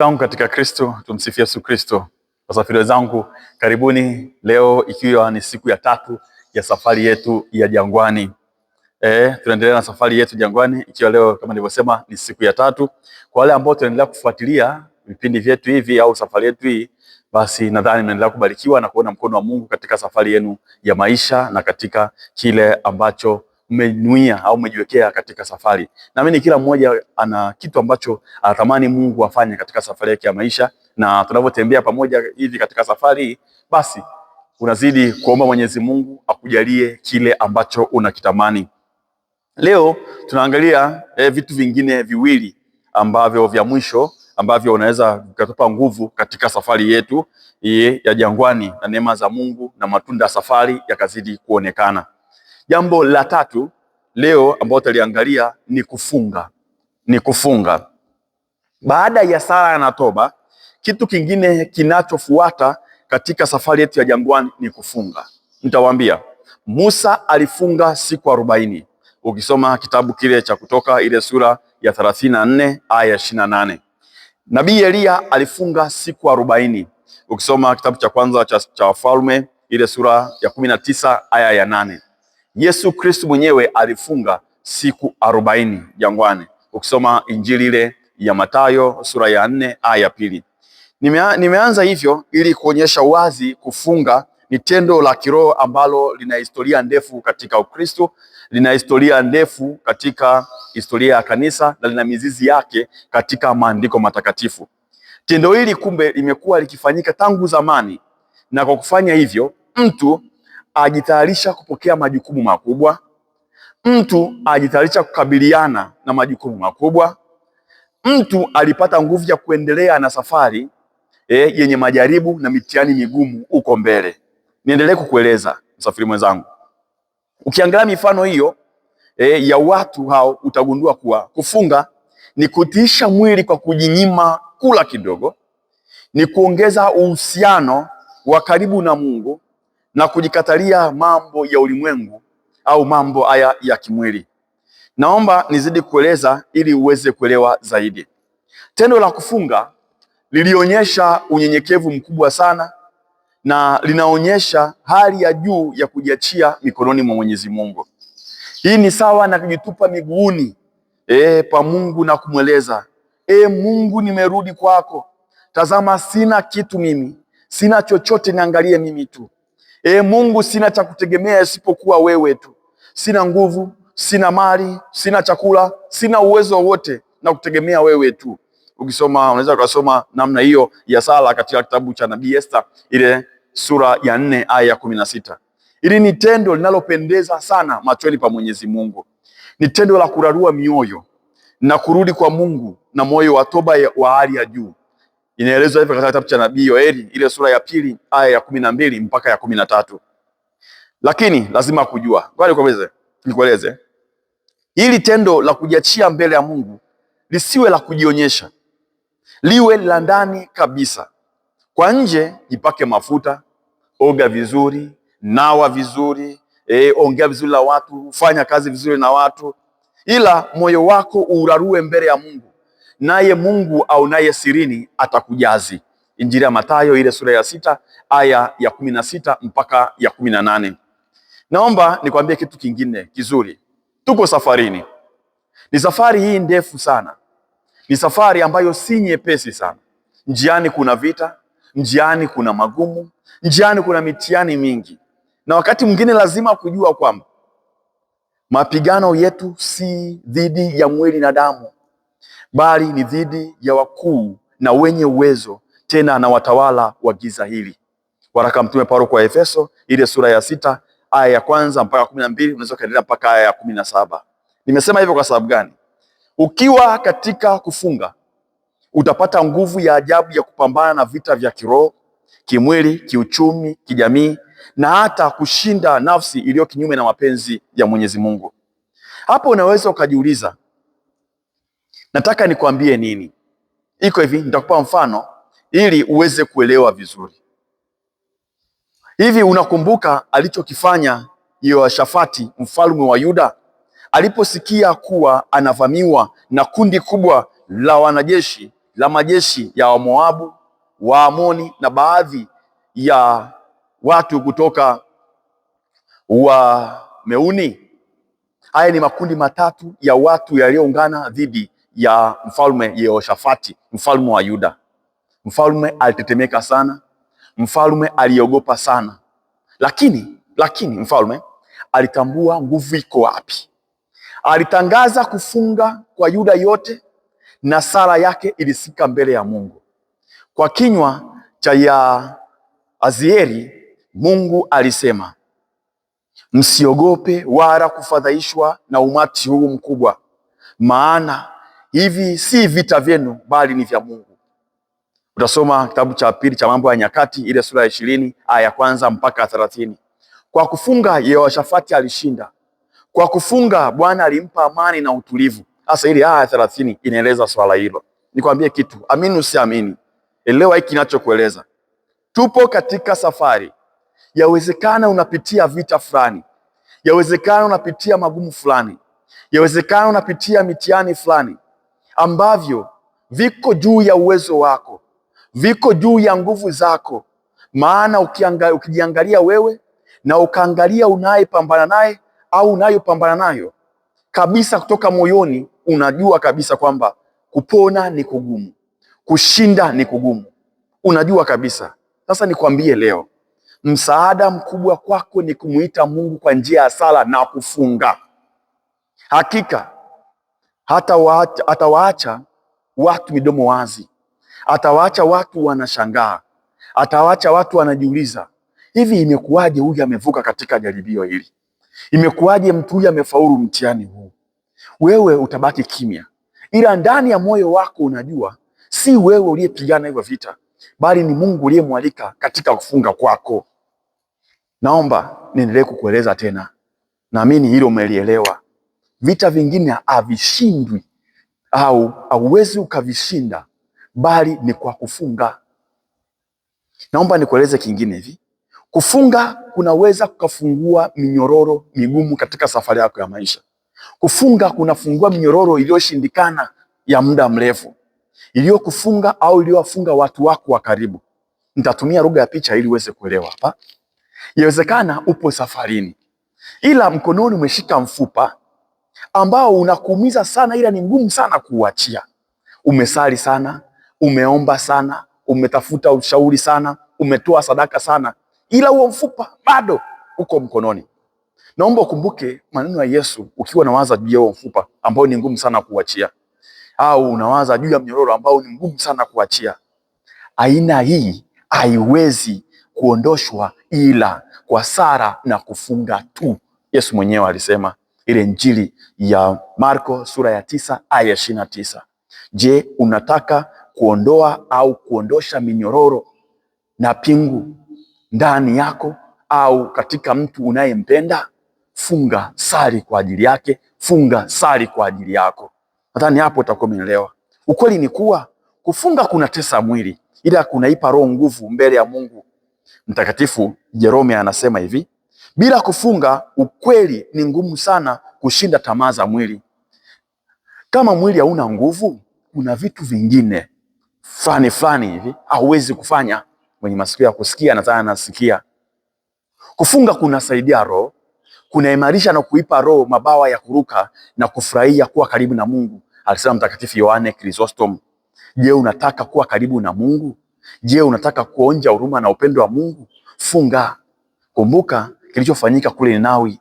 zangu katika Kristo. Tumsifie Yesu Kristo. Wasafiri wenzangu, karibuni. Leo ikiwa ni siku ya tatu ya safari yetu ya jangwani e, tunaendelea na safari yetu jangwani, ikiwa leo kama nilivyosema ni siku ya tatu. Kwa wale ambao tunaendelea kufuatilia vipindi vyetu hivi au safari yetu hii, basi nadhani mnaendelea kubarikiwa na kuona mkono wa Mungu katika safari yenu ya maisha na katika kile ambacho umenuia au umejiwekea katika safari. Naamini kila mmoja ana kitu ambacho anatamani Mungu afanye katika safari yake ya maisha, na tunavyotembea pamoja hivi katika safari hii, basi unazidi kuomba Mwenyezi Mungu akujalie kile ambacho unakitamani. Leo tunaangalia eh, vitu vingine viwili ambavyo vya mwisho ambavyo unaweza kutupa nguvu katika safari yetu eh, ya jangwani na neema za Mungu na matunda ya safari yakazidi kuonekana. Jambo la tatu leo ambao utaliangalia ni kufunga, ni kufunga. Baada ya sala na toba, kitu kingine kinachofuata katika safari yetu ya jangwani ni kufunga. Nitawaambia, Musa alifunga siku arobaini. Ukisoma kitabu kile cha Kutoka ile sura ya thelathini na nne aya ya ishirini na nane Nabii Eliya alifunga siku arobaini. Ukisoma kitabu cha kwanza cha Wafalme ile sura ya kumi na tisa aya ya nane Yesu Kristu mwenyewe alifunga siku arobaini jangwani, ukisoma Injili ile ya Mathayo sura ya nne aya ya pili. Nime, nimeanza hivyo ili kuonyesha wazi kufunga ni tendo la kiroho ambalo lina historia ndefu katika Ukristo, lina historia ndefu katika historia ya kanisa na lina mizizi yake katika maandiko matakatifu. Tendo hili kumbe limekuwa likifanyika tangu zamani, na kwa kufanya hivyo mtu ajitayarisha kupokea majukumu makubwa, mtu ajitayarisha kukabiliana na majukumu makubwa, mtu alipata nguvu ya kuendelea na safari eh, yenye majaribu na mitihani migumu uko mbele. Niendelee kukueleza msafiri mwenzangu, ukiangalia mifano hiyo eh, ya watu hao utagundua kuwa kufunga ni kutiisha mwili kwa kujinyima kula kidogo, ni kuongeza uhusiano wa karibu na Mungu na kujikatalia mambo ya ulimwengu au mambo haya ya kimwili. Naomba nizidi kueleza ili uweze kuelewa zaidi. Tendo la kufunga lilionyesha unyenyekevu mkubwa sana na linaonyesha hali ya juu ya kujiachia mikononi mwa Mwenyezi Mungu. Hii ni sawa na kujitupa miguuni e, pa Mungu na kumweleza e, Mungu nimerudi kwako, tazama sina kitu mimi, sina chochote, niangalie mimi tu. E Mungu, sina cha kutegemea isipokuwa wewe tu. Sina nguvu, sina mali, sina chakula, sina uwezo wote, na kutegemea wewe tu. Ukisoma unaweza ukasoma namna hiyo ya sala katika kitabu cha nabii Esther, ile sura ya nne aya ya kumi na sita. Hili ni tendo linalopendeza sana machoni pa Mwenyezi Mungu, ni tendo la kurarua mioyo na kurudi kwa Mungu na moyo wa toba wa hali ya juu. Inaelezwa hivi katika kitabu cha nabii Yoeli ile sura ya pili aya ya kumi na mbili mpaka ya kumi na tatu. Lakini lazima kujua, nikueleze hili tendo la kujiachia mbele ya Mungu lisiwe la kujionyesha, liwe la ndani kabisa. Kwa nje jipake mafuta, oga vizuri, nawa vizuri, e, ongea vizuri na watu, fanya kazi vizuri na watu, ila moyo wako urarue mbele ya Mungu naye Mungu au naye sirini atakujazi. Injili ya Mathayo ile sura ya sita aya ya kumi na sita mpaka ya kumi na nane. Naomba nikwambie kitu kingine kizuri. Tuko safarini, ni safari hii ndefu sana, ni safari ambayo si nyepesi sana. Njiani kuna vita, njiani kuna magumu, njiani kuna mitihani mingi, na wakati mwingine lazima kujua kwamba mapigano yetu si dhidi ya mwili na damu, bali ni dhidi ya wakuu na wenye uwezo, tena na watawala wa giza hili. Waraka Mtume Paulo kwa Efeso, ile sura ya sita aya ya kwanza mpaka kumi na mbili unaweza kuendelea mpaka aya ya kumi na saba. Nimesema hivyo kwa sababu gani? Ukiwa katika kufunga utapata nguvu ya ajabu ya kupambana na vita vya kiroho, kimwili, kiuchumi, kijamii na hata kushinda nafsi iliyo kinyume na mapenzi ya Mwenyezi Mungu. Hapo unaweza ukajiuliza, Nataka nikwambie nini, iko hivi, nitakupa mfano ili uweze kuelewa vizuri. Hivi unakumbuka alichokifanya Yehoshafati mfalme wa Yuda aliposikia kuwa anavamiwa na kundi kubwa la wanajeshi la majeshi ya Wamoabu, Waamoni na baadhi ya watu kutoka wa meuni Haya ni makundi matatu ya watu yaliyoungana dhidi ya mfalme Yehoshafati, mfalme wa Yuda. Mfalme alitetemeka sana, mfalme aliogopa sana, lakini lakini mfalme alitambua nguvu iko wapi. Alitangaza kufunga kwa Yuda yote na sala yake ilisika mbele ya Mungu. Kwa kinywa cha Yaazieli Mungu alisema, msiogope wala kufadhaishwa na umati huu mkubwa, maana hivi si vita vyenu, bali ni vya Mungu. Utasoma kitabu cha pili cha Mambo ya Nyakati ile sura ya ishirini aya ya kwanza mpaka thelathini. Kwa kufunga Yehoshafati alishinda, kwa kufunga Bwana alimpa amani na utulivu. Sasa ile aya ya thelathini inaeleza swala hilo. Nikwambie kitu, amini usiamini, elewa hiki kinachokueleza. Tupo katika safari, yawezekana unapitia vita fulani, yawezekana unapitia magumu fulani, yawezekana unapitia mitihani fulani ambavyo viko juu ya uwezo wako, viko juu ya nguvu zako. Maana ukianga, ukijiangalia wewe na ukaangalia unayepambana naye au unayopambana nayo kabisa, kutoka moyoni unajua kabisa kwamba kupona ni kugumu, kushinda ni kugumu, unajua kabisa. Sasa nikwambie leo, msaada mkubwa kwako ni kumuita Mungu kwa njia ya sala na kufunga. Hakika hata Hatawaacha, atawaacha watu midomo wazi, atawaacha watu wanashangaa, atawaacha watu wanajiuliza, hivi imekuwaje huyu amevuka katika jaribio hili? Imekuwaje mtu huyu amefaulu mtihani huu? Wewe utabaki kimya, ila ndani ya moyo wako unajua si wewe uliyepigana hivyo vita, bali ni Mungu uliyemwalika katika kufunga kwako. Naomba niendelee kukueleza tena, naamini hilo umelielewa. Vita vingine havishindwi au hauwezi ukavishinda, bali ni kwa kufunga. Naomba nikueleze kingine hivi, kufunga kunaweza kukafungua minyororo migumu katika safari yako ya maisha. Kufunga kunafungua minyororo iliyoshindikana ya muda mrefu iliyokufunga au iliyowafunga watu wako wa karibu. Nitatumia lugha ya picha ili uweze kuelewa hapa. Yawezekana upo safarini, ila mkononi umeshika mfupa ambao unakuumiza sana, ila ni ngumu sana kuuachia. Umesali sana, umeomba sana, umetafuta ushauri sana, umetoa sadaka sana, ila huo mfupa bado uko mkononi. Naomba ukumbuke maneno ya Yesu ukiwa nawaza juu ya huo mfupa ambao ni ngumu sana kuuachia, au unawaza juu ya mnyororo ambao ni ngumu sana kuachia. Aina hii haiwezi kuondoshwa ila kwa sara na kufunga tu. Yesu mwenyewe alisema ile njili ya Marko sura ya tisa aya ishirini na tisa. Je, unataka kuondoa au kuondosha minyororo na pingu ndani yako au katika mtu unayempenda? Funga, sali kwa ajili yake, funga, sali kwa ajili yako. Nadhani hapo utakuwa umeelewa. Ukweli ni kuwa kufunga kunatesa mwili, ila kunaipa roho nguvu mbele ya Mungu. Mtakatifu Jerome anasema hivi, bila kufunga ukweli ni ngumu sana kushinda tamaa za mwili. Kama mwili hauna nguvu, kuna vitu vingine fulani fulani hivi hauwezi kufanya. Mwenye masikio ya kusikia nadhani anasikia. Kufunga kunasaidia roho, kunaimarisha na kuipa roho mabawa ya kuruka na kufurahia kuwa karibu na Mungu, alisema Mtakatifu Yohane Chrysostom. Je, unataka kuwa karibu na Mungu? Je, unataka kuonja huruma na upendo wa Mungu? Funga. Kumbuka kilichofanyika kule Ninawi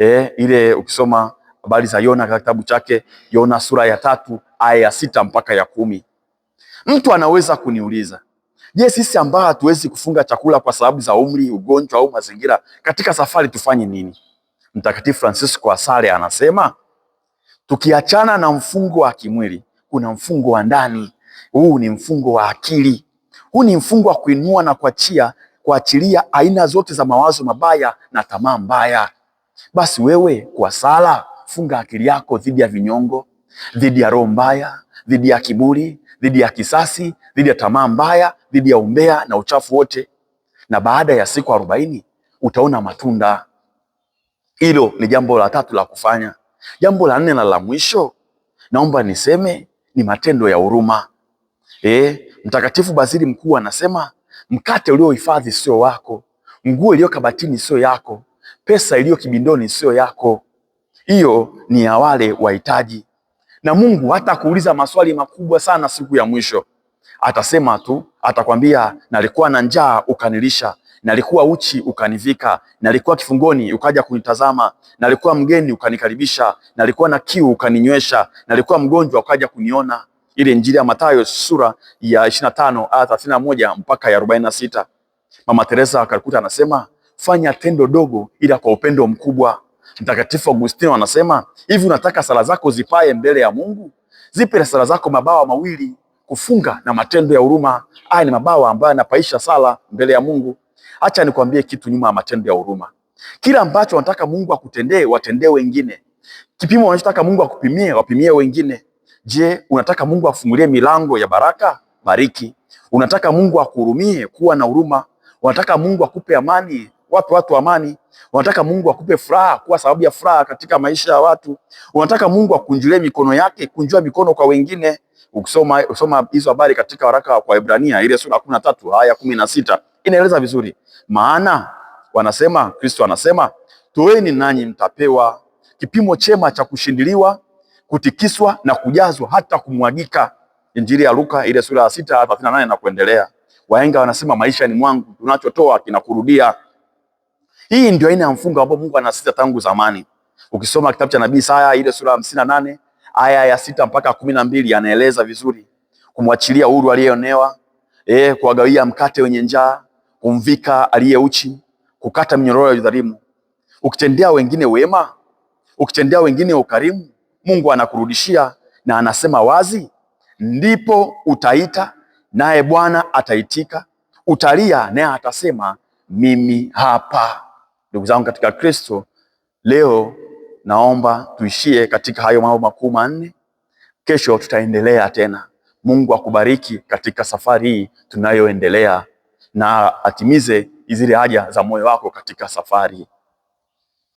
eh, ile ukisoma habari za Yona katika kitabu chake Yona sura ya tatu aya ya sita mpaka ya kumi. Mtu anaweza kuniuliza, je, sisi ambao hatuwezi kufunga chakula kwa sababu za umri, ugonjwa au mazingira, katika safari tufanye nini? Mtakatifu Francisco wa Asale anasema tukiachana na mfungo wa kimwili, kuna mfungo wa ndani. Huu ni mfungo wa akili. Huu ni mfungo wa kuinua na kuachia kuachilia aina zote za mawazo mabaya na tamaa mbaya. Basi wewe kwa sala, funga akili yako dhidi ya vinyongo, dhidi ya roho mbaya, dhidi ya kiburi, dhidi ya kisasi, dhidi ya tamaa mbaya, dhidi ya umbea na uchafu wote, na baada ya siku arobaini utaona matunda. Hilo ni jambo la tatu la kufanya. Jambo la nne na la mwisho naomba niseme ni matendo ya huruma. E, Mtakatifu Basili Mkuu anasema mkate uliohifadhi sio wako, nguo iliyo kabatini sio yako, pesa iliyo kibindoni siyo yako, hiyo ni ya wale wahitaji. Na Mungu hata kuuliza maswali makubwa sana siku ya mwisho, atasema tu, atakwambia nalikuwa na njaa ukanilisha, nalikuwa uchi ukanivika, nalikuwa kifungoni ukaja kunitazama, nalikuwa mgeni ukanikaribisha, nalikuwa na kiu ukaninywesha, nalikuwa mgonjwa ukaja kuniona. Ile Injili ya Mathayo sura ya 25 aya 31 mpaka ya 46. Mama Teresa akakuta anasema fanya tendo dogo, ila kwa upendo mkubwa. Mtakatifu Agustino anasema hivi, unataka sala zako zipae mbele ya Mungu? Zipe sala zako mabawa mawili, kufunga na matendo ya huruma. Haya ni mabawa ambayo yanapaisha sala mbele ya Mungu. Acha nikwambie kitu nyuma ya matendo ya huruma. Kila ambacho unataka Mungu akutendee, watendee wengine. Kipimo unachotaka Mungu akupimie, wapimie wengine. Je, unataka Mungu afungulie milango ya baraka? Bariki. Unataka Mungu akuhurumie? Kuwa na huruma. Unataka Mungu akupe amani? watu watu amani. Unataka Mungu akupe furaha, kuwa sababu ya furaha katika maisha ya watu. Unataka Mungu akunjulie mikono yake, kunjua mikono kwa wengine. Ukisoma usoma hizo habari katika waraka kwa Ibrania ile sura ya kumi na tatu aya kumi na sita inaeleza vizuri, maana wanasema, Kristo anasema toeni nanyi mtapewa kipimo chema cha kushindiliwa, kutikiswa na kujazwa hata kumwagika. Injili ya Luka ile sura ya sita thelathini na nane na kuendelea. Wahenga wanasema maisha ni mwangu, tunachotoa kinakurudia. Hii ndio aina ya mfungo ambao Mungu anasita tangu zamani. Ukisoma kitabu cha nabii Isaya ile sura hamsini na nane aya ya sita mpaka kumi na mbili anaeleza vizuri kumwachilia huru aliyeonewa, eh, kuwagawia mkate wenye njaa, kumvika aliyeuchi, kukata mnyororo ya udhalimu. Ukitendea wengine wema, ukitendea wengine ukarimu, Mungu anakurudishia na anasema wazi, ndipo utaita naye Bwana ataitika, utalia naye atasema mimi hapa. Ndugu zangu katika Kristo, leo naomba tuishie katika hayo mambo makuu manne. Kesho tutaendelea tena. Mungu akubariki katika safari hii tunayoendelea, na atimize zile haja za moyo wako katika safari